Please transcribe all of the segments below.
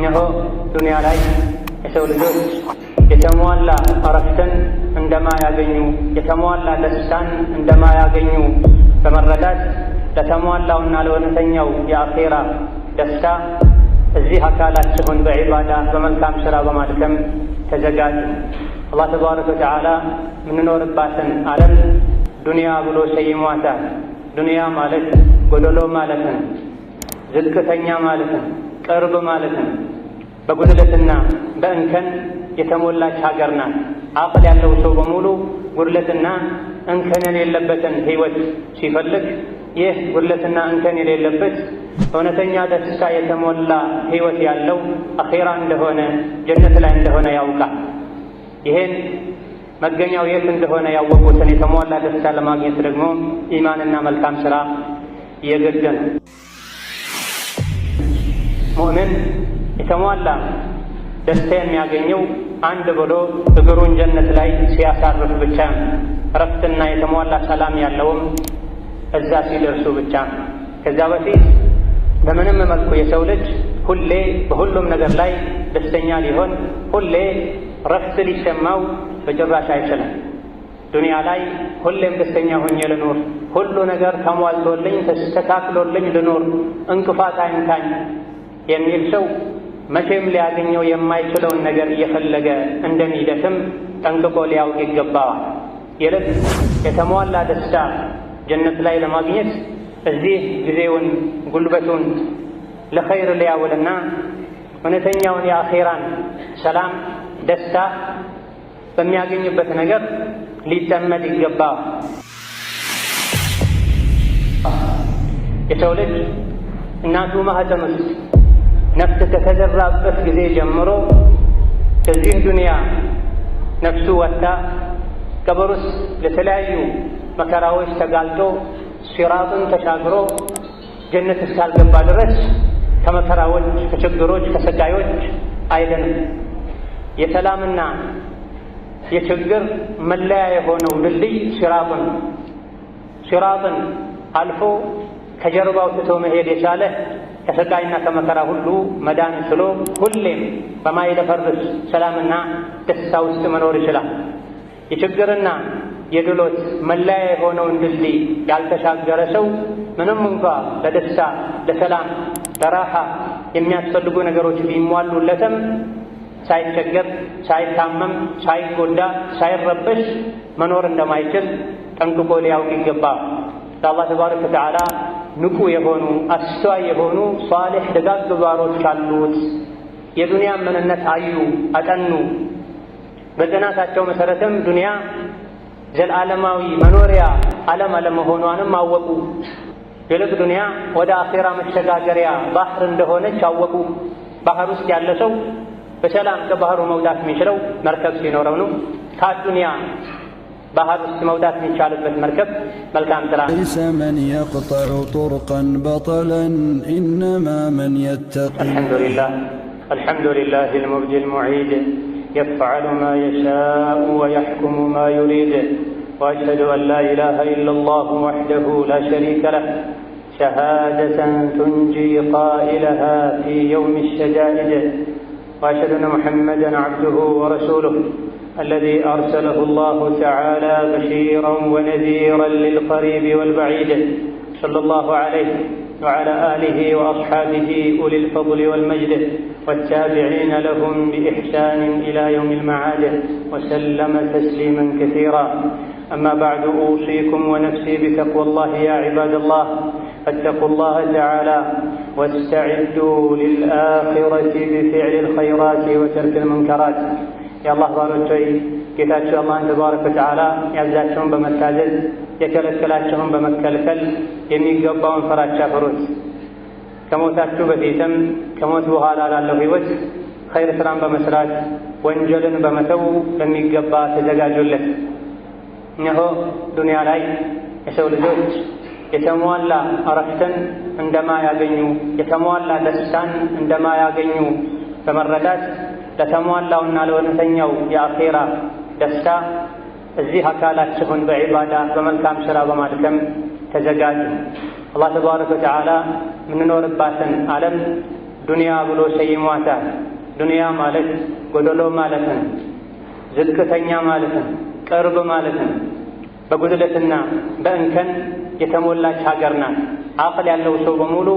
እነሆ ዱንያ ላይ የሰው ልጆች የተሟላ እረፍትን እንደማያገኙ የተሟላ ደስታን እንደማያገኙ በመረዳት ለተሟላውና ለእውነተኛው የአኼራ ደስታ እዚህ አካላችሁን በዒባዳ በመልካም ሥራ በማድከም ተዘጋጁ። አላህ ተባረከ ወተዓላ የምንኖርባትን ዓለም ዱንያ ብሎ ሰይሟታል። ዱንያ ማለት ጎደሎ ማለት ዝቅተኛ ማለት ቅርብ ማለት ነው። በጉድለትና በእንከን የተሞላች ሀገር ናት። አቅል ያለው ሰው በሙሉ ጉድለትና እንከን የሌለበትን ህይወት ሲፈልግ ይህ ጉድለትና እንከን የሌለበት እውነተኛ ደስታ የተሞላ ህይወት ያለው አኼራ እንደሆነ ጀነት ላይ እንደሆነ ያውቃል። ይህን መገኛው የት እንደሆነ ያወቁትን የተሟላ ደስታ ለማግኘት ደግሞ ኢማንና መልካም ስራ እየገገ ነው። ሙእምን የተሟላ ደስታ የሚያገኘው አንድ ብሎ እግሩን ጀነት ላይ ሲያሳርፍ ብቻ እረፍትና የተሟላ ሰላም ያለውም እዛ ሲደርሱ ብቻ ከዛ በፊት በምንም መልኩ የሰው ልጅ ሁሌ በሁሉም ነገር ላይ ደስተኛ ሊሆን ሁሌ እረፍት ሊሰማው በጭራሽ አይችልም። ዱንያ ላይ ሁሌም ደስተኛ ሆኜ ልኖር፣ ሁሉ ነገር ተሟልቶልኝ ተስተካክሎልኝ ልኖር፣ እንቅፋት አይንካኝ፣ የሚል ሰው መቼም ሊያገኘው የማይችለውን ነገር እየፈለገ እንደሚደክም ጠንቅቆ ሊያውቅ ይገባዋል። ይልቅ የተሟላ ደስታ ጀነት ላይ ለማግኘት እዚህ ጊዜውን ጉልበቱን ለኸይር ሊያውልና እውነተኛውን የአኼራን ሰላም ደስታ በሚያገኝበት ነገር ሊጠመድ ይገባ። የሰው ልጅ እናቱ ማህፀን ውስጥ ነፍስ ከተገዛበት ጊዜ ጀምሮ ከዚህ ዱንያ ነፍሱ ወጥታ ቀብር ውስጥ ለተለያዩ መከራዎች ተጋልጦ ሲራጥን ተሻግሮ ጀነት እስካልገባ ድረስ ከመከራዎች፣ ከችግሮች፣ ከሰቃዮች አይደለም። የሰላምና የችግር መለያ የሆነው ድልድይ ሲራጥን ሲራጥን አልፎ ከጀርባው ትቶ መሄድ የቻለ ከስቃይና ከመከራ ሁሉ መዳን ችሎ ሁሌም በማይደፈርስ ሰላምና ደስታ ውስጥ መኖር ይችላል። የችግርና የድሎት መለያ የሆነውን ድልድይ ያልተሻገረ ሰው ምንም እንኳ ለደስታ ለሰላም፣ ለራሃ የሚያስፈልጉ ነገሮች ቢሟሉለትም ሳይቸገር፣ ሳይታመም፣ ሳይጎዳ፣ ሳይረበሽ መኖር እንደማይችል ጠንቅቆ ሊያውቅ ይገባ። ለአላህ ተባረከ ወተዓላ ንቁ የሆኑ አስተዋይ የሆኑ ሷልሕ ደጋግ ባሮች አሉት። የዱንያ ምንነት አዩ፣ አጠኑ። በጥናታቸው መሰረትም ዱንያ ዘለዓለማዊ መኖሪያ ዓለም አለመሆኗንም አወቁ። ይልቅ ዱንያ ወደ አኼራ መሸጋገሪያ ባህር እንደሆነች አወቁ። ባህር ውስጥ ያለ ሰው በሰላም ከባህሩ መውጣት የሚችለው መርከብ ሲኖረው ነው። ከአዱንያ بهر ውስጥ من የሚቻልበት المركب ملكان ترى ليس من يقطع طرقا بطلا إنما من يتقي الحمد لله الحمد لله المبدي المعيد يفعل ما يشاء ويحكم ما يريد وأشهد أن لا إله إلا الله وحده لا شريك له شهادة تنجي قائلها في يوم الشدائد وأشهد أن محمدا عبده ورسوله الذي أرسله الله تعالى بشيرا ونذيرا للقريب والبعيد صلى الله عليه وعلى آله وأصحابه أولي الفضل والمجد والتابعين لهم بإحسان إلى يوم المعاد وسلم تسليما كثيرا أما بعد أوصيكم ونفسي بتقوى الله يا عباد الله فاتقوا الله تعالى واستعدوا للآخرة بفعل الخيرات وترك المنكرات የአላህ ባሮች ሆይ ጌታቸው አላህን ተባረከ ወተዓላ ያዛቸውን በመታዘዝ የከለከላቸውን በመከልከል የሚገባውን ፈራቻ ፍሩት። ከሞታችሁ በፊትም ከሞት በኋላ ላለው ሕይወት ኸይር ሥራን በመስራት ወንጀልን በመተው በሚገባ ተዘጋጁለት። እነሆ ዱንያ ላይ የሰው ልጆች የተሟላ እረፍትን እንደማያገኙ የተሟላ ደስታን እንደማያገኙ በመረዳት ለተሟላውና ለእውነተኛው የአኼራ ደስታ እዚህ አካላችሁን በዒባዳ በመልካም ሥራ በማድከም ተዘጋጁ። አላህ ተባረከ ወተዓላ የምንኖርባትን ዓለም ዱንያ ብሎ ሰይሟታል። ዱንያ ማለት ጎደሎ ማለት ዝቅተኛ ማለት ቅርብ ማለት በጉድለትና በእንከን የተሞላች ሀገር ናት። አቅል ያለው ሰው በሙሉ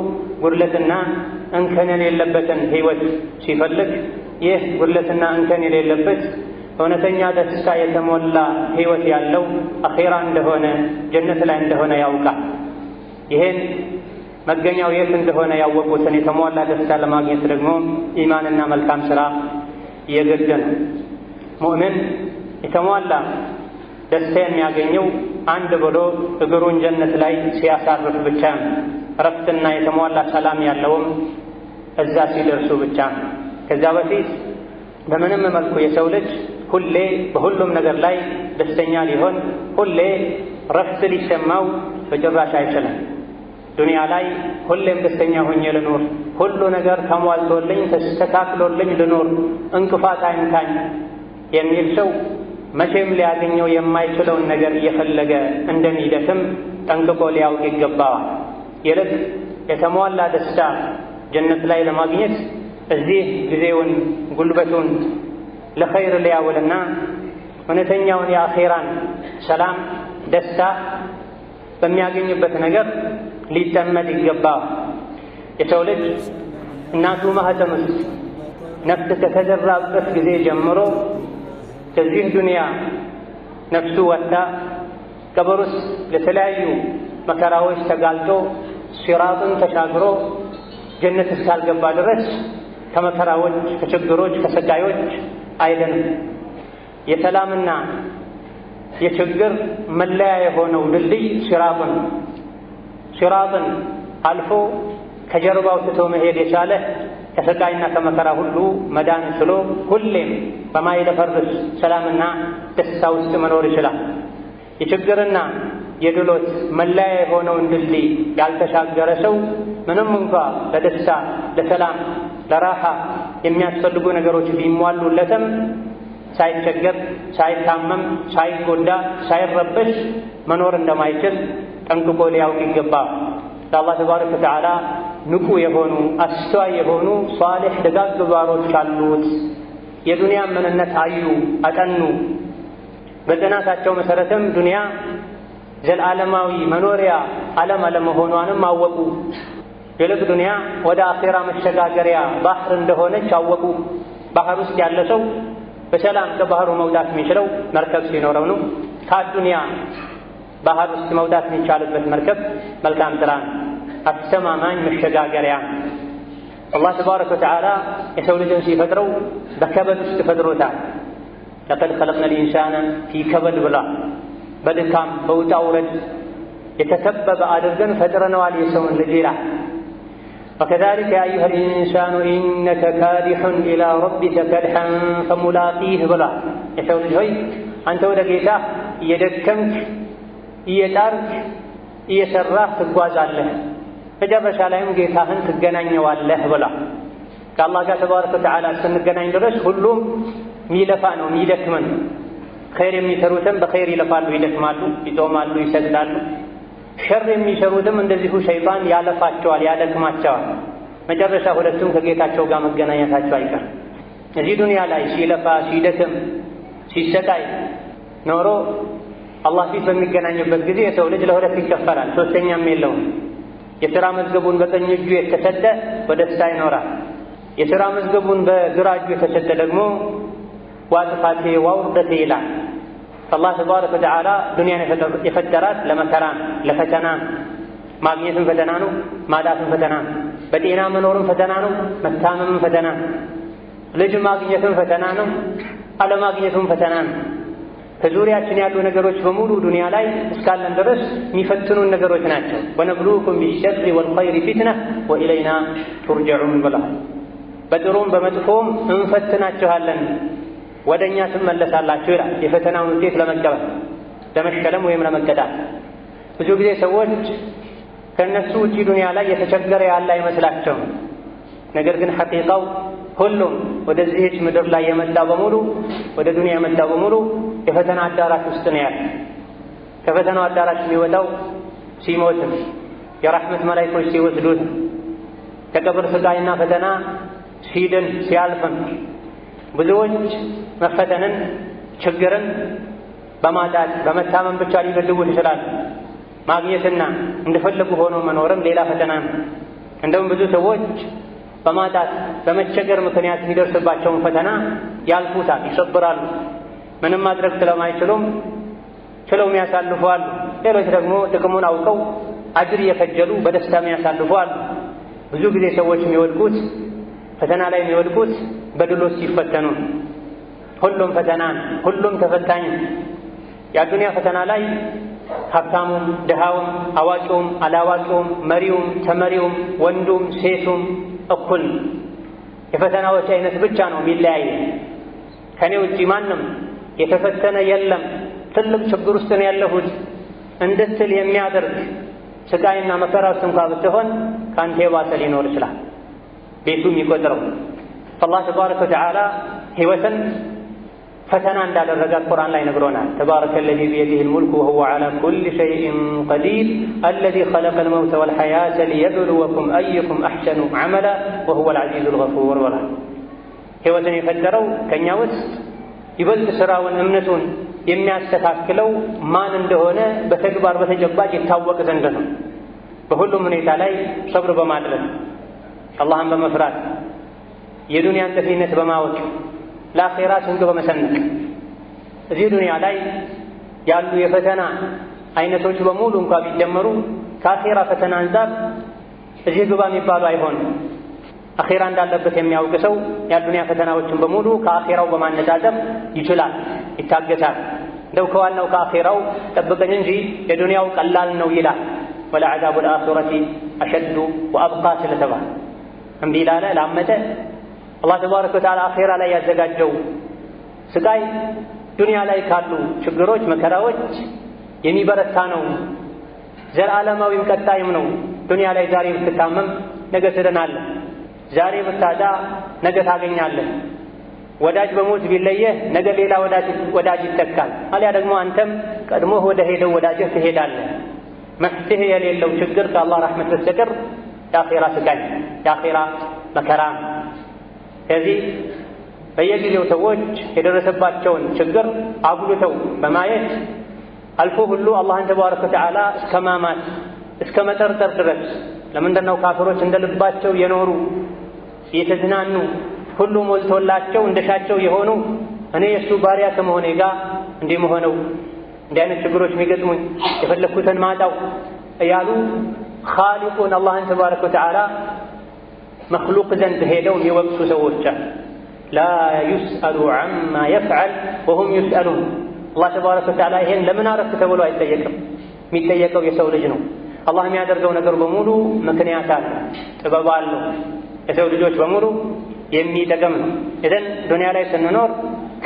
ጉድለትና እንከን የሌለበትን ሕይወት ሲፈልግ ይህ ጉድለትና እንከን የሌለበት እውነተኛ ደስታ የተሞላ ህይወት ያለው አኼራ እንደሆነ ጀነት ላይ እንደሆነ ያውቃል። ይህን መገኛው የት እንደሆነ ያወቁትን የተሟላ ደስታ ለማግኘት ደግሞ ኢማንና መልካም ስራ የግድ ነው። ሙእምን የተሟላ ደስታ የሚያገኘው አንድ ብሎ እግሩን ጀነት ላይ ሲያሳርፍ ብቻ ነው። እረፍትና የተሟላ ሰላም ያለውም እዛ ሲደርሱ ብቻ ነው። ከዚያ በፊት በምንም መልኩ የሰው ልጅ ሁሌ በሁሉም ነገር ላይ ደስተኛ ሊሆን ሁሌ ረፍት ሊሰማው በጭራሽ አይችልም። ዱንያ ላይ ሁሌም ደስተኛ ሆኜ ልኖር፣ ሁሉ ነገር ተሟልቶልኝ ተስተካክሎልኝ ልኖር፣ እንቅፋት አይንካኝ የሚል ሰው መቼም ሊያገኘው የማይችለውን ነገር እየፈለገ እንደሚደክም ጠንቅቆ ሊያውቅ ይገባዋል። ይልቅ የተሟላ ደስታ ጀነት ላይ ለማግኘት እዚህ ጊዜውን ጉልበቱን ለኸይር ሊያውልና እውነተኛውን የአኼራን ሰላም፣ ደስታ በሚያገኝበት ነገር ሊጠመድ ይገባ። የሰው ልጅ እናቱ ማህፀን ውስጥ ነፍስ ከተዘራበት ጊዜ ጀምሮ ከዚህ ዱንያ ነፍሱ ወጥታ ቀብር ውስጥ ለተለያዩ መከራዎች ተጋልጦ ሲራጡን ተሻግሮ ጀነት እስካልገባ ድረስ ከመከራዎች፣ ከችግሮች፣ ከሰቃዮች አይደለም። የሰላምና የችግር መለያ የሆነው ድልድይ ሲራጥን ሲራጥን አልፎ ከጀርባው ትቶ መሄድ የቻለ ከሰቃይና ከመከራ ሁሉ መዳን ችሎ ሁሌም በማይለፈርስ ሰላምና ደስታ ውስጥ መኖር ይችላል። የችግርና የድሎት መለያ የሆነውን ድልድይ ያልተሻገረ ሰው ምንም እንኳ ለደስታ ለሰላም ለራሓ የሚያስፈልጉ ነገሮች ቢሟሉለትም ሳይቸገር፣ ሳይታመም፣ ሳይጎዳ፣ ሳይረበሽ መኖር እንደማይችል ጠንቅቆ ሊያውቅ ይገባ። ለአላህ ተባረከ ወተዓላ ንቁ የሆኑ አስተዋይ የሆኑ ሷልሕ ደጋግ ባሮች አሉት። የዱንያ ምንነት አዩ፣ አጠኑ። በጥናታቸው መሰረትም ዱንያ ዘላለማዊ መኖሪያ ዓለም አለመሆኗንም አወቁ። ይልቅ ዱንያ ወደ አኼራ መሸጋገሪያ ባህር እንደሆነች አወቁ። ባህር ውስጥ ያለ ሰው በሰላም ከባህሩ መውጣት የሚችለው መርከብ ሲኖረው ነው። ከአዱንያ ባህር ውስጥ መውጣት የሚቻልበት መርከብ መልካም ስራ ነው፣ አስተማማኝ መሸጋገሪያ። አላህ ተባረከ ወተዓላ የሰው ልጅን ሲፈጥረው በከበድ ውስጥ ፈጥሮታል። ለቀድ ኸለቅነል ኢንሳነ ፊ ከበድ ብላ በድካም በውጣ ውረድ የተከበበ አድርገን ፈጥረነዋል የሰውን ልጅ ይላል ወከዛሊከ ያአዩሃ ልኢንሳኑ ኢነከ ካዲሑን ኢላ ረቢከ ከድሐን ፈሙላቂህ ብሏል። የሰው ልጅ ሆይ አንተ ወደ ጌታ እየደከምክ እየጣርክ እየሰራህ ትጓዛለህ፣ መጨረሻ ላይም ጌታህን ትገናኘዋለህ ብሏል። ከአላህ ጋር ተባረከ ወተዓላ እስክንገናኝ ድረስ ሁሉም የሚለፋ ነው የሚደክመን። ኸይር የሚሰሩትም በኸይር ይለፋሉ፣ ይደክማሉ፣ ይጾማሉ፣ ይሰግዳሉ ሸር የሚሰሩትም እንደዚሁ ሸይጣን ያለፋቸዋል፣ ያደክማቸዋል። መጨረሻ ሁለቱም ከጌታቸው ጋር መገናኘታቸው አይቀርም። እዚህ ዱንያ ላይ ሲለፋ ሲደክም ሲሰቃይ ኖሮ አላህ ፊት በሚገናኝበት ጊዜ የሰው ልጅ ለሁለት ይከፈላል፣ ሶስተኛም የለውም። የሥራ መዝገቡን በቀኝ እጁ የተሰጠ በደስታ ይኖራል። የሥራ መዝገቡን በግራ እጁ የተሰጠ ደግሞ ዋ ጥፋቴ ይላል። አላህ ተባረከ ወተዓላ ዱንያን የፈጠራት ለመከራ ነው፣ ለፈተና ማግኘትም ፈተና ነው፣ ማጣትም ፈተና ነው። በጤና መኖርም ፈተና ነው፣ መታመምም ፈተና ነው። ልጅ ማግኘትም ፈተና ነው፣ አለማግኘቱም ፈተና ነው። ከዙሪያችን ያሉ ነገሮች በሙሉ ዱንያ ላይ እስካለን ድረስ የሚፈትኑን ነገሮች ናቸው። ወነብሉኩም ቢሸሪ ወልኸይሪ ፊትና ወኢለይና ቱርጀዑን ብለሃል። በጥሩም በመጥፎም እንፈትናችኋለን ወደ እኛ ትመለሳላችሁ ይላል። የፈተናውን ውጤት ለመቀበል ለመሸለም ወይም ለመቀጣት። ብዙ ጊዜ ሰዎች ከእነሱ ውጪ ዱንያ ላይ የተቸገረ ያለ አይመስላቸውም። ነገር ግን ሐቂቃው ሁሉም ወደዚህች ምድር ላይ የመጣ በሙሉ ወደ ዱንያ የመጣ በሙሉ የፈተና አዳራሽ ውስጥ ነው ያለ። ከፈተናው አዳራሽ የሚወጣው ሲሞትም የራህመት መላይኮች ሲወስዱት ከቀብር ስቃይና ፈተና ሲድን ሲያልፍም ብዙዎች መፈተንን ችግርን በማጣት በመታመን ብቻ ሊገድቡት ይችላል። ማግኘትና እንደፈለጉ ሆኖ መኖርም ሌላ ፈተና ነው። እንደውም ብዙ ሰዎች በማጣት በመቸገር ምክንያት የሚደርስባቸውን ፈተና ያልፉታል፣ ይሰብራሉ። ምንም ማድረግ ስለማይችሉም ችለውም ያሳልፉ ሌሎች ደግሞ ጥቅሙን አውቀው አጅር እየከጀሉ በደስታም ያሳልፉ ብዙ ጊዜ ሰዎች የሚወድቁት ፈተና ላይ የሚወድቁት በድሎች ሲፈተኑ ሁሉም ፈተናን ሁሉም ተፈታኝ የአዱንያ ፈተና ላይ ሀብታሙም፣ ድሃውም፣ አዋቂውም፣ አላዋቂውም፣ መሪውም፣ ተመሪውም፣ ወንዱም፣ ሴቱም እኩል የፈተናዎች አይነት ብቻ ነው የሚለያየ። ከኔ ውጪ ማንም የተፈተነ የለም ትልቅ ችግር ውስጥ ነው ያለሁት እንድትል የሚያደርግ ስቃይና መከራ ውስጥ እንኳ ብትሆን ከአንተ የባሰ ሊኖር ይችላል ቤቱ የሚቆጥረው አላህ ተባረከ ወተዓላ ህይወትን ፈተና እንዳደረጋት ቁርአን ላይ ነግሮናል። ተባረከ አለዚ ቢየዲህ ልሙልኩ ወሁወ ዓላ ኩሊ ሸይእን ቀዲር አለዚ ኸለቀ ልመውተ ወልሐያተ ሊየብልወኩም አየኩም አሕሰኑ ዐመላ ወሁወ ልዓዚዙ ልገፉር ብሏል። ህይወትን የፈጠረው ከእኛ ውስጥ ይበልጥ ስራውን እምነቱን የሚያስተካክለው ማን እንደሆነ በተግባር በተጨባጭ ይታወቅ ዘንድ ነው። በሁሉም ሁኔታ ላይ ሰብር በማድረግ አላህን በመፍራት የዱንያን ጠፊነት በማወቅ ለአኼራ ስንቅ በመሰነቅ እዚህ ዱንያ ላይ ያሉ የፈተና አይነቶች በሙሉ እንኳ ቢደመሩ ከአኼራ ፈተና አንጻር እዚህ ግባ የሚባሉ አይሆንም። አኼራ እንዳለበት የሚያውቅ ሰው የዱንያ ፈተናዎችን በሙሉ ከአኼራው በማነጻጸር ይችላል፣ ይታገሳል። እንደው ከዋናው ከአኼራው ጠብቀኝ እንጂ የዱንያው ቀላል ነው ይላል። ወለዐዛቡ ልአኺረቲ አሸዱ ወአብቃ ስለተባለ እምቢ ላለ ላመጠ አላህ ተባረከ ወተዓላ አኼራ ላይ ያዘጋጀው ስቃይ ዱንያ ላይ ካሉ ችግሮች፣ መከራዎች የሚበረታ ነው። ዘላለማዊም ቀጣይም ነው። ዱንያ ላይ ዛሬ ብትታመም ነገ ትድናለህ። ዛሬ ብታጣ ነገ ታገኛለህ። ወዳጅ በሞት ቢለየህ ነገ ሌላ ወዳጅ ይተካል። አሊያ ደግሞ አንተም ቀድሞህ ወደ ሄደው ወዳጅህ ትሄዳለህ። መፍትሄ የሌለው ችግር ከአላህ ረሕመት በስተቀር የአኼራ ስቃይ የአኼራ መከራ ከዚህ በየጊዜው ሰዎች የደረሰባቸውን ችግር አጉልተው በማየት አልፎ ሁሉ አላህን ተባረከ ወተዓላ እስከ ማማት እስከ መጠርጠር ድረስ ለምንድን ነው ካፍሮች እንደ ልባቸው የኖሩ የተዝናኑ ሁሉ ሞልቶላቸው እንደሻቸው የሆኑ እኔ የእሱ ባሪያ ከመሆኔ ጋር እንዲህ መሆነው እንዲህ አይነት ችግሮች የሚገጥሙኝ የፈለግኩትን ማጣው እያሉ ኻሊቁን አላህን ተባረከ ወተዓላ መክሉቅ ዘንድ ሄደው የሚወቅሱ ሰዎች አሉ። ላ ዩስአሉ አማ የፍዐል ወሁም ዩስአሉን። አላህ ተባረከ ወተዓላ ይሄን ለምን አረፍ ተብሎ አይጠየቅም። የሚጠየቀው የሰው ልጅ ነው። አላህ የሚያደርገው ነገር በሙሉ ምክንያት አለው፣ ጥበብ አለው። የሰው ልጆች በሙሉ የሚጠቅም ነው። እዘን ዱንያ ላይ ስንኖር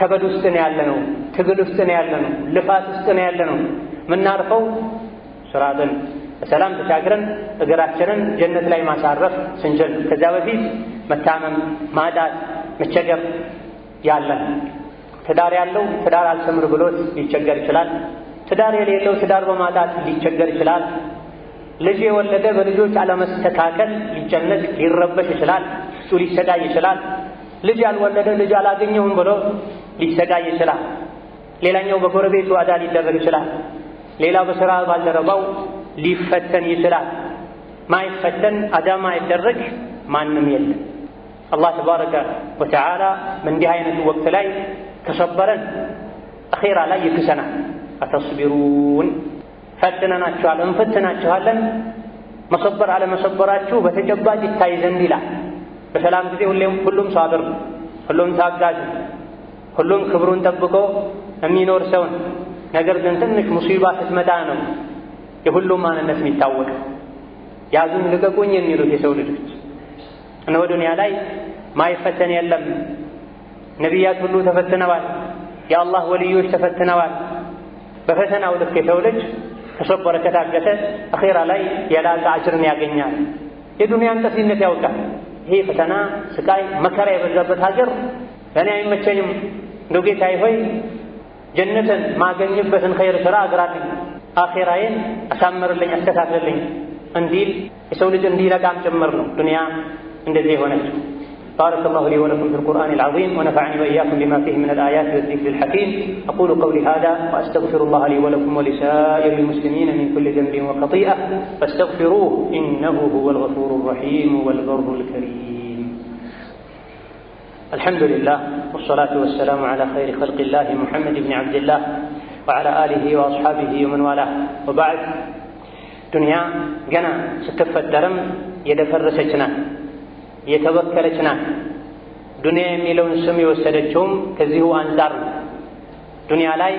ከበድ ውስጥ ነው ያለነው፣ ትግል ውስጥ ነው ያለነው፣ ልፋት ውስጥ ነው ያለነው። የምናርፈው ስራትን በሰላም ተሻግረን እግራችንን ጀነት ላይ ማሳረፍ ስንችል ከዚያ በፊት መታመም፣ ማጣት፣ መቸገር ያለን ትዳር ያለው ትዳር አልሰምር ብሎት ሊቸገር ይችላል። ትዳር የሌለው ትዳር በማጣት ሊቸገር ይችላል። ልጅ የወለደ በልጆች አለመስተካከል ሊጨነቅ፣ ሊረበሽ ይችላል። እሱ ሊሰቃይ ይችላል። ልጅ ያልወለደ ልጅ አላገኘሁም ብሎ ሊሰቃይ ይችላል። ሌላኛው በጎረቤቱ አዳ ሊደረግ ይችላል። ሌላው በስራ ባልደረባው ሊፈተን ይችላል። ማይፈተን አዳ ማይደረግ ማንም የለም። አላህ ተባረከ ወተዓላ በእንዲህ አይነቱ ወቅት ላይ ከሰበረን አኼራ ላይ ይክሰናል። አተስቢሩን ፈትነናችኋል፣ እንፈትናችኋለን መሰበር አለመሰበራችሁ በተጨባጭ ይታይ ዘንድ ይላል። በሰላም ጊዜ ሁሌም ሁሉም ሰው ሳብር፣ ሁሉም ታጋዝ፣ ሁሉም ክብሩን ጠብቆ የሚኖር ሰውን ነገር ግን ትንሽ ሙሲባ ስትመጣ ነው የሁሉም ማንነት የሚታወቅ ያዙን ልቀቁኝ የሚሉት የሰው ልጆች እነሆ ዱንያ ላይ ማይፈተን የለም። ነቢያት ሁሉ ተፈትነዋል። የአላህ ወልዮች ተፈትነዋል። በፈተናው ልክ የሰው ልጅ ከሰበረ ከታገተ አኼራ ላይ የላቀ አጅርን ያገኛል። የዱንያን ቀሲነት ያውቃል። ይሄ ፈተና፣ ስቃይ፣ መከራ የበዛበት ሀገር ለእኔ አይመቸኝም፣ እንደው ጌታዬ ሆይ ጀነትን ማገኝበትን ኸይር ስራ አግራልኝ አኼራዬን አሳምርልኝ፣ አስተካክልልኝ እንዲል የሰው ልጅ እንዲረጋም ጭምር ነው ዱንያ እንደዚህ የሆነችው። بارك الله لي ولكم في القرآن العظيم ونفعني وإياكم بما فيه من الآيات والذكر الحكيم أقول قولي هذا وأستغفر الله لي ولكم ولسائر المسلمين من كل ذنب وخطيئة فاستغفروه إنه هو الغفور الرحيم والبر الكريم الحمد لله والصلاة والسلام على خير خلق الله محمد بن عبد الله ወዓላ አሊሂ ወአስሓቢሂ ወመን ዋላህ ወባዕድ። ዱንያ ገና ስትፈጠርም የደፈረሰች ናት፣ የተበከለች ናት። ዱንያ የሚለውን ስም የወሰደችውም ከዚሁ አንጻር ነው። ዱንያ ላይ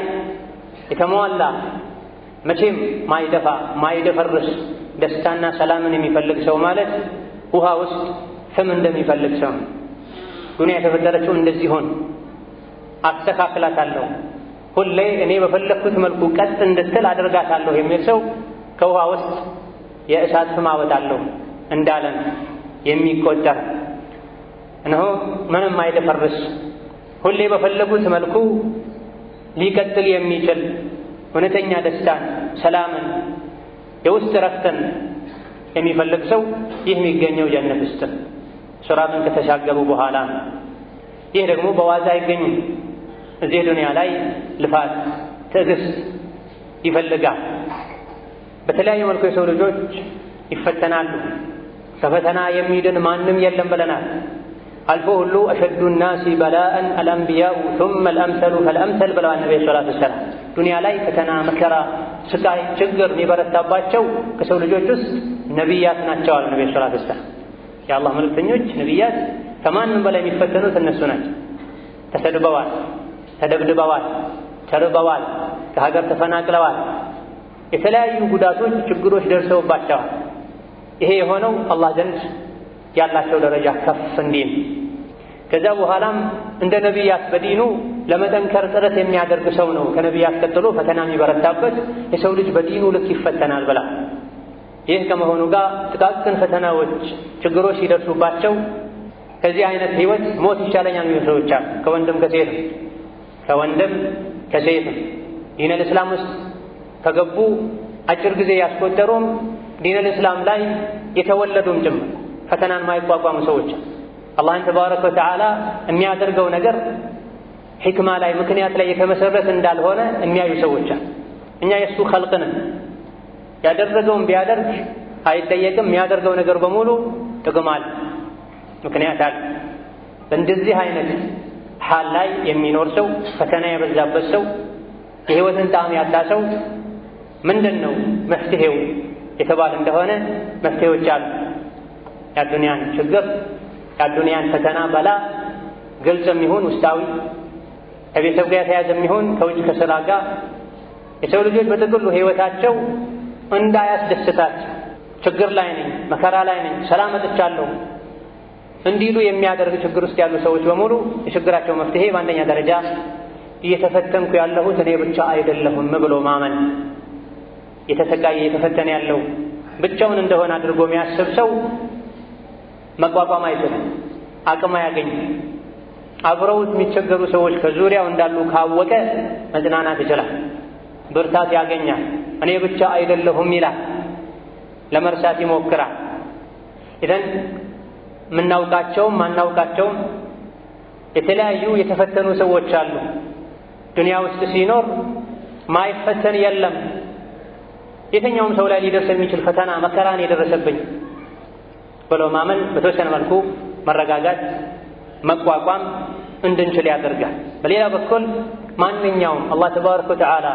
የተሟላ መቼም ማይደፋ ማይደፈርስ ደስታና ሰላምን የሚፈልግ ሰው ማለት ውሃ ውስጥ ፍም እንደሚፈልግ ሰው። ዱንያ የተፈጠረችው እንደዚህ ሆን አስተካክላታለሁ ሁሌ እኔ በፈለግኩት መልኩ ቀጥ እንድትል አደርጋታለሁ የሚል ሰው ከውሃ ውስጥ የእሳት ፍም አወጣለሁ እንዳለን የሚቆጠር እነሆ ምንም አይደፈርስ ሁሌ በፈለጉት መልኩ ሊቀጥል የሚችል እውነተኛ ደስታን፣ ሰላምን፣ የውስጥ ረፍትን የሚፈልግ ሰው ይህ የሚገኘው ጀነት ውስጥ ስራትን ከተሻገሩ በኋላ ነው። ይህ ደግሞ በዋዛ አይገኝም። እዚህ ዱንያ ላይ ልፋት፣ ትዕግስት ይፈልጋል። በተለያየ መልኩ የሰው ልጆች ይፈተናሉ። ከፈተና የሚድን ማንም የለም ብለናል። አልፎ ሁሉ አሸዱ ናሲ በላአን አልአንቢያኡ ቱመ አልአምሰሉ ፈልአምሰል ብለዋል ነቢ ሰላት ወሰላም። ዱንያ ላይ ፈተና፣ መከራ፣ ስቃይ፣ ችግር የሚበረታባቸው ከሰው ልጆች ውስጥ ነቢያት ናቸው አሉ ነቢ ሰላት ወሰላም። የአላህ መልእክተኞች ነቢያት ከማንም በላይ የሚፈተኑት እነሱ ናቸው። ተሰድበዋል ተደብድበዋል፣ ተርበዋል፣ ከሀገር ተፈናቅለዋል። የተለያዩ ጉዳቶች፣ ችግሮች ደርሰውባቸዋል። ይሄ የሆነው አላህ ዘንድ ያላቸው ደረጃ ከፍ እንዲል ከዛ በኋላም እንደ ነቢያት በዲኑ ለመጠንከር ጥረት የሚያደርግ ሰው ነው ከነቢያት ቀጥሎ ፈተና የሚበረታበት የሰው ልጅ በዲኑ ልክ ይፈተናል ብላ ይህ ከመሆኑ ጋር ጥቃቅን ፈተናዎች፣ ችግሮች ሲደርሱባቸው ከዚህ አይነት ህይወት ሞት ይቻለኛል የሚሉ ሰዎች አሉ። ከወንድም ከሴት ከወንድም ከሴትም ዲነል እስላም ውስጥ ከገቡ አጭር ጊዜ ያስቆጠሩም ዲነል እስላም ላይ የተወለዱም ጭምር ፈተናን ማይቋቋሙ ሰዎች አላህን ተባረከ ወተዓላ የሚያደርገው ነገር ሕክማ ላይ ምክንያት ላይ የተመሰረት እንዳልሆነ የሚያዩ ሰዎች እኛ የእሱ ኸልቅንም ያደረገውን ቢያደርግ አይጠየቅም። የሚያደርገው ነገር በሙሉ ጥቅም አለ፣ ምክንያት አለ። በእንደዚህ አይነት ሀል ላይ የሚኖር ሰው፣ ፈተና የበዛበት ሰው፣ የህይወትን ጣዕም ያጣ ሰው ምንድን ነው መፍትሄው የተባለ እንደሆነ መፍትሄዎች አሉ። የአዱንያን ችግር የአዱንያን ፈተና በላ ግልጽ የሚሆን ውስጣዊ ከቤተሰብ ጋር የተያዘ የሚሆን ከውጭ ከስራ ጋር የሰው ልጆች በጥቅሉ ህይወታቸው እንዳያስደስታቸው ችግር ላይ ነኝ፣ መከራ ላይ ነኝ፣ ሰላም እጥቻለሁ እንዲሉ የሚያደርግ ችግር ውስጥ ያሉ ሰዎች በሙሉ የችግራቸው መፍትሄ በአንደኛ ደረጃ እየተፈተንኩ ያለሁት እኔ ብቻ አይደለሁም ብሎ ማመን። የተሰቃየ እየተፈተነ ያለው ብቻውን እንደሆነ አድርጎ የሚያስብ ሰው መቋቋም አይችልም፣ አቅም አያገኝም። አብረውት የሚቸገሩ ሰዎች ከዙሪያው እንዳሉ ካወቀ መጽናናት ይችላል፣ ብርታት ያገኛል። እኔ ብቻ አይደለሁም ይላል፣ ለመርሳት ይሞክራል። ኢዘን የምናውቃቸውም ማናውቃቸውም የተለያዩ የተፈተኑ ሰዎች አሉ። ዱንያ ውስጥ ሲኖር ማይፈተን የለም። የትኛውም ሰው ላይ ሊደርስ የሚችል ፈተና መከራን የደረሰብኝ ብሎ ማመን በተወሰነ መልኩ መረጋጋት፣ መቋቋም እንድንችል ያደርጋል። በሌላ በኩል ማንኛውም አላህ ተባረከ ወተዓላ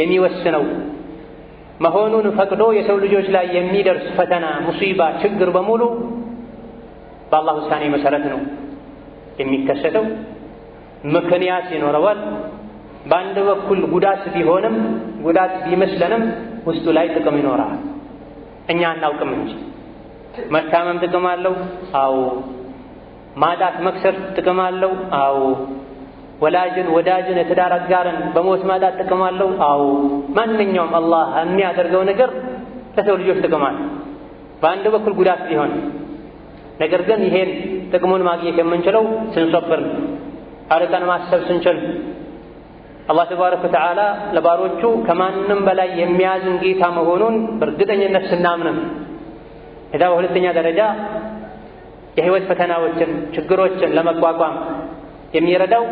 የሚወስነው መሆኑን ፈቅዶ የሰው ልጆች ላይ የሚደርስ ፈተና፣ ሙሲባ፣ ችግር በሙሉ በአላህ ውሳኔ መሰረት ነው የሚከሰተው። ምክንያት ይኖረዋል። በአንድ በኩል ጉዳት ቢሆንም ጉዳት ቢመስለንም ውስጡ ላይ ጥቅም ይኖራል። እኛ አናውቅም እንጂ መታመም ጥቅም አለው። አዎ። ማጣት መክሰር ጥቅም አለው። አዎ። ወላጅን፣ ወዳጅን፣ የትዳር አጋርን በሞት ማጣት ጥቅም አለው። አዎ። ማንኛውም አላህ የሚያደርገው ነገር ለሰው ልጆች ጥቅም አለው። በአንድ በኩል ጉዳት ቢሆን ነገር ግን ይሄን ጥቅሙን ማግኘት የምንችለው ስንሶብር ነው። አርቀን ማሰብ ስንችል አላህ ተባረከ ወተዓላ ለባሮቹ ከማንም በላይ የሚያዝን ጌታ መሆኑን በእርግጠኝነት ስናምንም እዛ በሁለተኛ ደረጃ የህይወት ፈተናዎችን፣ ችግሮችን ለመቋቋም የሚረዳው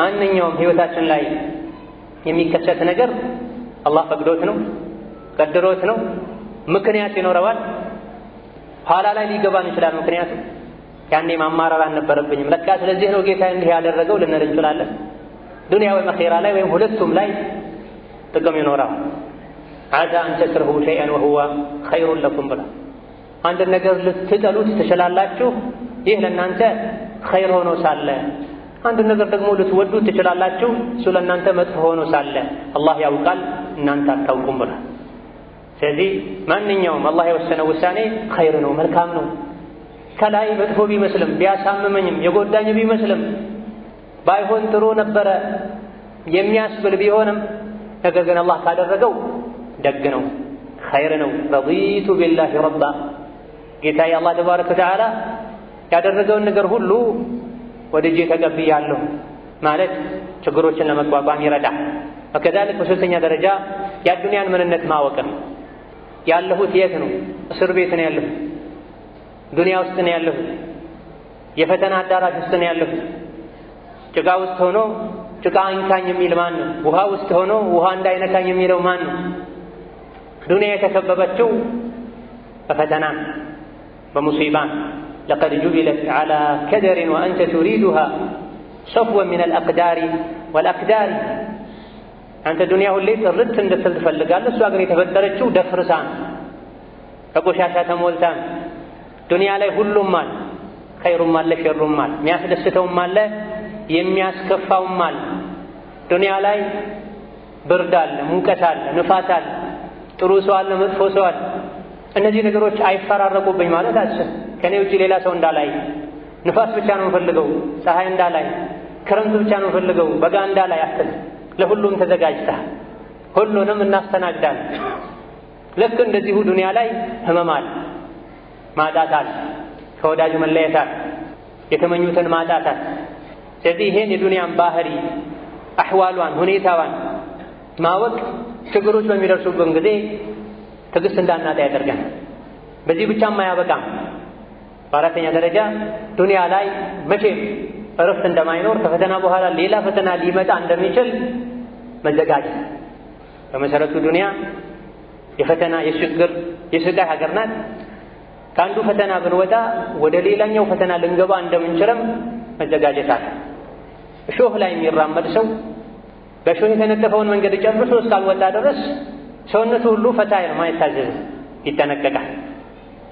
ማንኛውም ህይወታችን ላይ የሚከሰት ነገር አላህ ፈቅዶት ነው፣ ቀድሮት ነው፣ ምክንያት ይኖረዋል። ኋላ ላይ ሊገባን ይችላል። ምክንያቱም ያኔ ማማረር አልነበረብኝም ለካ ስለዚህ ነው ጌታ እንዲህ ያደረገው ልንል እንችላለን። ዱንያ ወይም አኼራ ላይ ወይም ሁለቱም ላይ ጥቅም ይኖራል። ዓሳ አን ተክረሁ ሸይአን ወሁወ ኸይሩን ለኩም ብላ አንድ ነገር ልትጠሉት ትችላላችሁ፣ ይህ ለእናንተ ኸይር ሆኖ ሳለ አንድ ነገር ደግሞ ልትወዱት ትችላላችሁ፣ እሱ ለእናንተ መጥፎ ሆኖ ሳለ አላህ ያውቃል፣ እናንተ አታውቁም ብሏል። ስለዚህ ማንኛውም አላህ የወሰነው ውሳኔ ኸይር ነው፣ መልካም ነው። ከላይ መጥፎ ቢመስልም ቢያሳምመኝም የጎዳኝ ቢመስልም ባይሆን ጥሩ ነበረ የሚያስብል ቢሆንም ነገር ግን አላህ ካደረገው ደግ ነው፣ ኸይር ነው። ረዲቱ ቢላሂ ረባ ጌታዬ አላህ ተባረከ ወተዓላ ያደረገውን ነገር ሁሉ ወድጄ ተቀብያለሁ ማለት ችግሮችን ለመቋቋም ይረዳ። ወከዛልክ በሶስተኛ ደረጃ የአዱንያን ምንነት ማወቅም ያለሁት የት ነው? እስር ቤት ነው ያለሁት። ዱንያ ውስጥ ነው ያለሁት። የፈተና አዳራሽ ውስጥ ነው ያለሁት። ጭቃ ውስጥ ሆኖ ጭቃ አይንካኝ የሚል ማን ነው? ውሃ ውስጥ ሆኖ ውሃ እንዳይነካኝ የሚለው ማን ነው? ዱንያ የተከበበችው በፈተና በሙሲባ ለቀድ ጁቢለት ዓላ ከደሪን ወአንተ ቱሪዱሃ ሰፍወን ሚነል አቅዳሪ ወልአቅዳሪ አንተ ዱንያ ሁሌ ጥርት እንድትል ትፈልጋለህ። እሷ ግን የተፈጠረችው ደፍርሳ በቆሻሻ ተሞልታን ዱንያ ላይ ሁሉም አለ፣ ኸይሩም አለ፣ ሸሩም አለ፣ የሚያስደስተውም አለ፣ የሚያስከፋውም አለ። ዱንያ ላይ ብርድ አለ፣ ሙቀት አለ፣ ንፋስ አለ፣ ጥሩ ሰው አለ፣ መጥፎ ሰው አለ። እነዚህ ነገሮች አይፈራረቁብኝ ማለት አስብ። ከኔ ውጪ ሌላ ሰው እንዳላይ፣ ንፋስ ብቻ ነው የምፈልገው፣ ፀሐይ እንዳላይ፣ ክረምት ብቻ ነው የምፈልገው፣ በጋ እንዳላይ አትል። ለሁሉም ተዘጋጅታ ሁሉንም እናስተናግዳለን። ልክ እንደዚሁ ዱንያ ላይ ህመማል አለ፣ ማጣት አለ፣ ከወዳጅ መለየታል የተመኙትን ማጣታል ስለዚህ ይሄን የዱንያን ባህሪ አሕዋሏን፣ ሁኔታዋን ማወቅ ችግሮች በሚደርሱብን ጊዜ ትዕግስት እንዳናጣ ያደርገን። በዚህ ብቻም አያበቃም። በአራተኛ ደረጃ ዱንያ ላይ መቼም እረፍት እንደማይኖር ከፈተና በኋላ ሌላ ፈተና ሊመጣ እንደሚችል መዘጋጀት። በመሰረቱ ዱንያ የፈተና የችግር የስቃይ ሀገር ናት። ከአንዱ ፈተና ብንወጣ ወደ ሌላኛው ፈተና ልንገባ እንደምንችልም መዘጋጀት አለ። እሾህ ላይ የሚራመድ ሰው በእሾህ የተነጠፈውን መንገድ ጨርሶ እስካልወጣ ድረስ ሰውነቱ ሁሉ ፈታ የማይታዘዝ ይጠነቀቃል።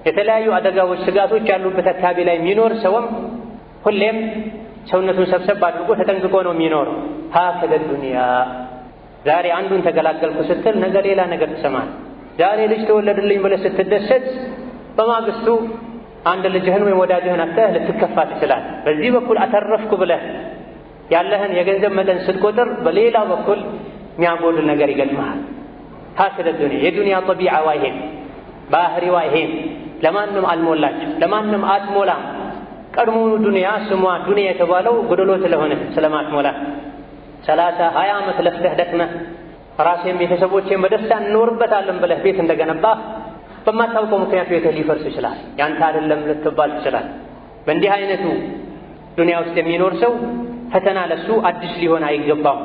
የተለያዩ አደጋዎች፣ ስጋቶች ያሉበት አካባቢ ላይ የሚኖር ሰውም ሁሌም ሰውነቱን ሰብሰብ አድርጎ ተጠንቅቆ ነው የሚኖረው። ሀከደ ዱንያ ዛሬ አንዱን ተገላገልኩ ስትል ነገ ሌላ ነገር ትሰማል። ዛሬ ልጅ ተወለድልኝ ብለህ ስትደሰት በማግስቱ አንድ ልጅህን ወይም ወዳጅህን አተህ ልትከፋ ትችላል። በዚህ በኩል አተረፍኩ ብለህ ያለህን የገንዘብ መጠን ስትቆጥር በሌላ በኩል የሚያጎድል ነገር ይገጥመሃል። ሀከደ ዱንያ የዱንያ ጠቢዓዋ ይሄን ባህሪዋ ይሄን ለማንም አልሞላችም፣ ለማንም አትሞላም። ቀድሞ ዱንያ ስሟ ዱንያ የተባለው ጎደሎ ስለሆነ ስለማትሞላት ሰላሳ ሀያ ዓመት ለፍተህ ደክመህ ራሴም ቤተሰቦቼም በደስታ እንኖርበታለን ብለህ ቤት እንደገነባ በማታውቀው ምክንያት ቤትህ ሊፈርስ ይችላል። ያንተ አይደለም ልትባል ይችላል። በእንዲህ አይነቱ ዱንያ ውስጥ የሚኖር ሰው ፈተና ለሱ አዲስ ሊሆን አይገባም።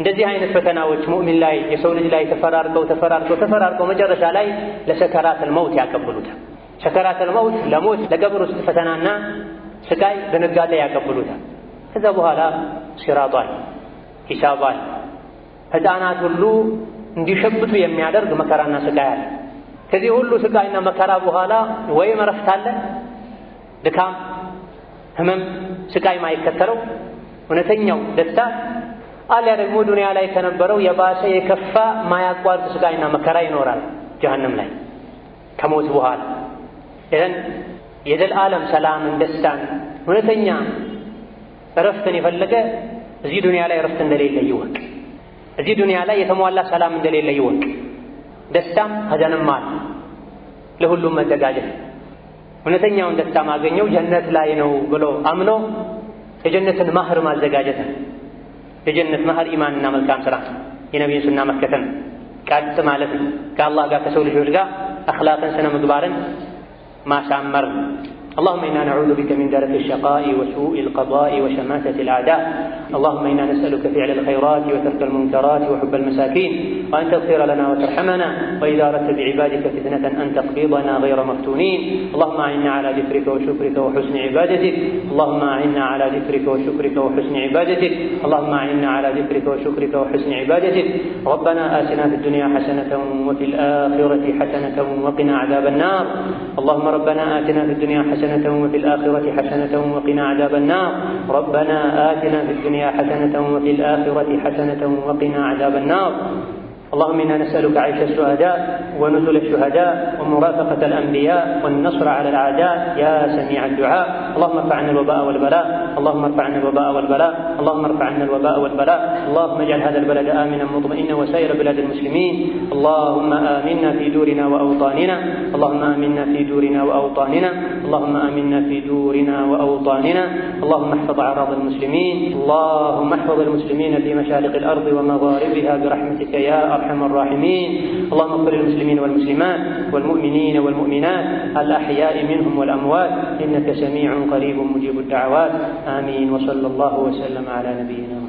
እንደዚህ አይነት ፈተናዎች ሙእሚን ላይ የሰው ልጅ ላይ ተፈራርቀው ተፈራርቀው ተፈራርቀው መጨረሻ ላይ ለሰከራተል መውት ያቀብሉታል። ሰከራተል መውት ለሞት ለቀብር ውስጥ ፈተናና ስቃይ ድንጋጤ ያቀብሉታል። ከዛ በኋላ ሲራጧል፣ ሂሳቧል፣ ሕፃናት ሁሉ እንዲሸብቱ የሚያደርግ መከራና ስቃይ አለ። ከዚህ ሁሉ ስቃይና መከራ በኋላ ወይም እረፍት አለ፣ ድካም፣ ህመም፣ ስቃይ ማይከተለው እውነተኛው ደስታ አሊያ ደግሞ ዱንያ ላይ ከነበረው የባሰ የከፋ ማያቋርጥ ስቃይና መከራ ይኖራል ጀሀነም ላይ ከሞት በኋላ ይህን የዘላለም ሰላምን፣ ደስታን፣ እውነተኛ እረፍትን የፈለገ እዚህ ዱንያ ላይ እረፍት እንደሌለ ይወቅ። እዚህ ዱንያ ላይ የተሟላ ሰላም እንደሌለ ይወቅ። ደስታም ሀዘንም አለ። ለሁሉም መዘጋጀት እውነተኛውን ደስታ ማገኘው ጀነት ላይ ነው ብሎ አምኖ የጀነትን ማህር ማዘጋጀት ነው። የጀነት ማህር ኢማንና መልካም ስራ የነቢዩን ሱና መከተል ቀጥ ማለት ነው። ከአላህ ጋር ከሰው ልጆች ጋር አኽላቅን ስነ ምግባርን masamar اللهم إنا نعوذ بك من دارة الشقاء وسوء القضاء وشماتة الأعداء اللهم إنا نسألك فعل الخيرات وترك المنكرات وحب المساكين وأن تغفر لنا وترحمنا وإذا أردت بعبادك فتنة أن تقبضنا غير مفتونين اللهم أعنا على ذكرك وشكرك وحسن عبادتك اللهم أعنا على ذكرك وشكرك وحسن عبادتك اللهم أعنا على ذكرك وشكرك وحسن عبادتك ربنا آتنا في الدنيا حسنة وفي الآخرة حسنة وقنا عذاب النار اللهم ربنا آتنا في الدنيا حسنة حسنة وفي الآخرة حسنة وقنا عذاب النار ربنا آتنا في الدنيا حسنة وفي الآخرة حسنة وقنا عذاب النار اللهم إنا نسألك عيش الشهداء ونزل الشهداء ومرافقة الأنبياء والنصر على الأعداء يا سميع الدعاء اللهم ارفع عنا الوباء والبلاء اللهم ارفع عنا الوباء والبلاء اللهم ارفع عنا الوباء والبلاء اللهم اجعل هذا البلد آمنا مطمئنا وسائر بلاد المسلمين اللهم آمنا في دورنا وأوطاننا اللهم آمنا في دورنا وأوطاننا اللهم امنا في دورنا واوطاننا اللهم احفظ اعراض المسلمين اللهم احفظ المسلمين في مشارق الارض ومغاربها برحمتك يا ارحم الراحمين اللهم اغفر للمسلمين والمسلمات والمؤمنين والمؤمنات الاحياء منهم والاموات انك سميع قريب مجيب الدعوات امين وصلى الله وسلم على نبينا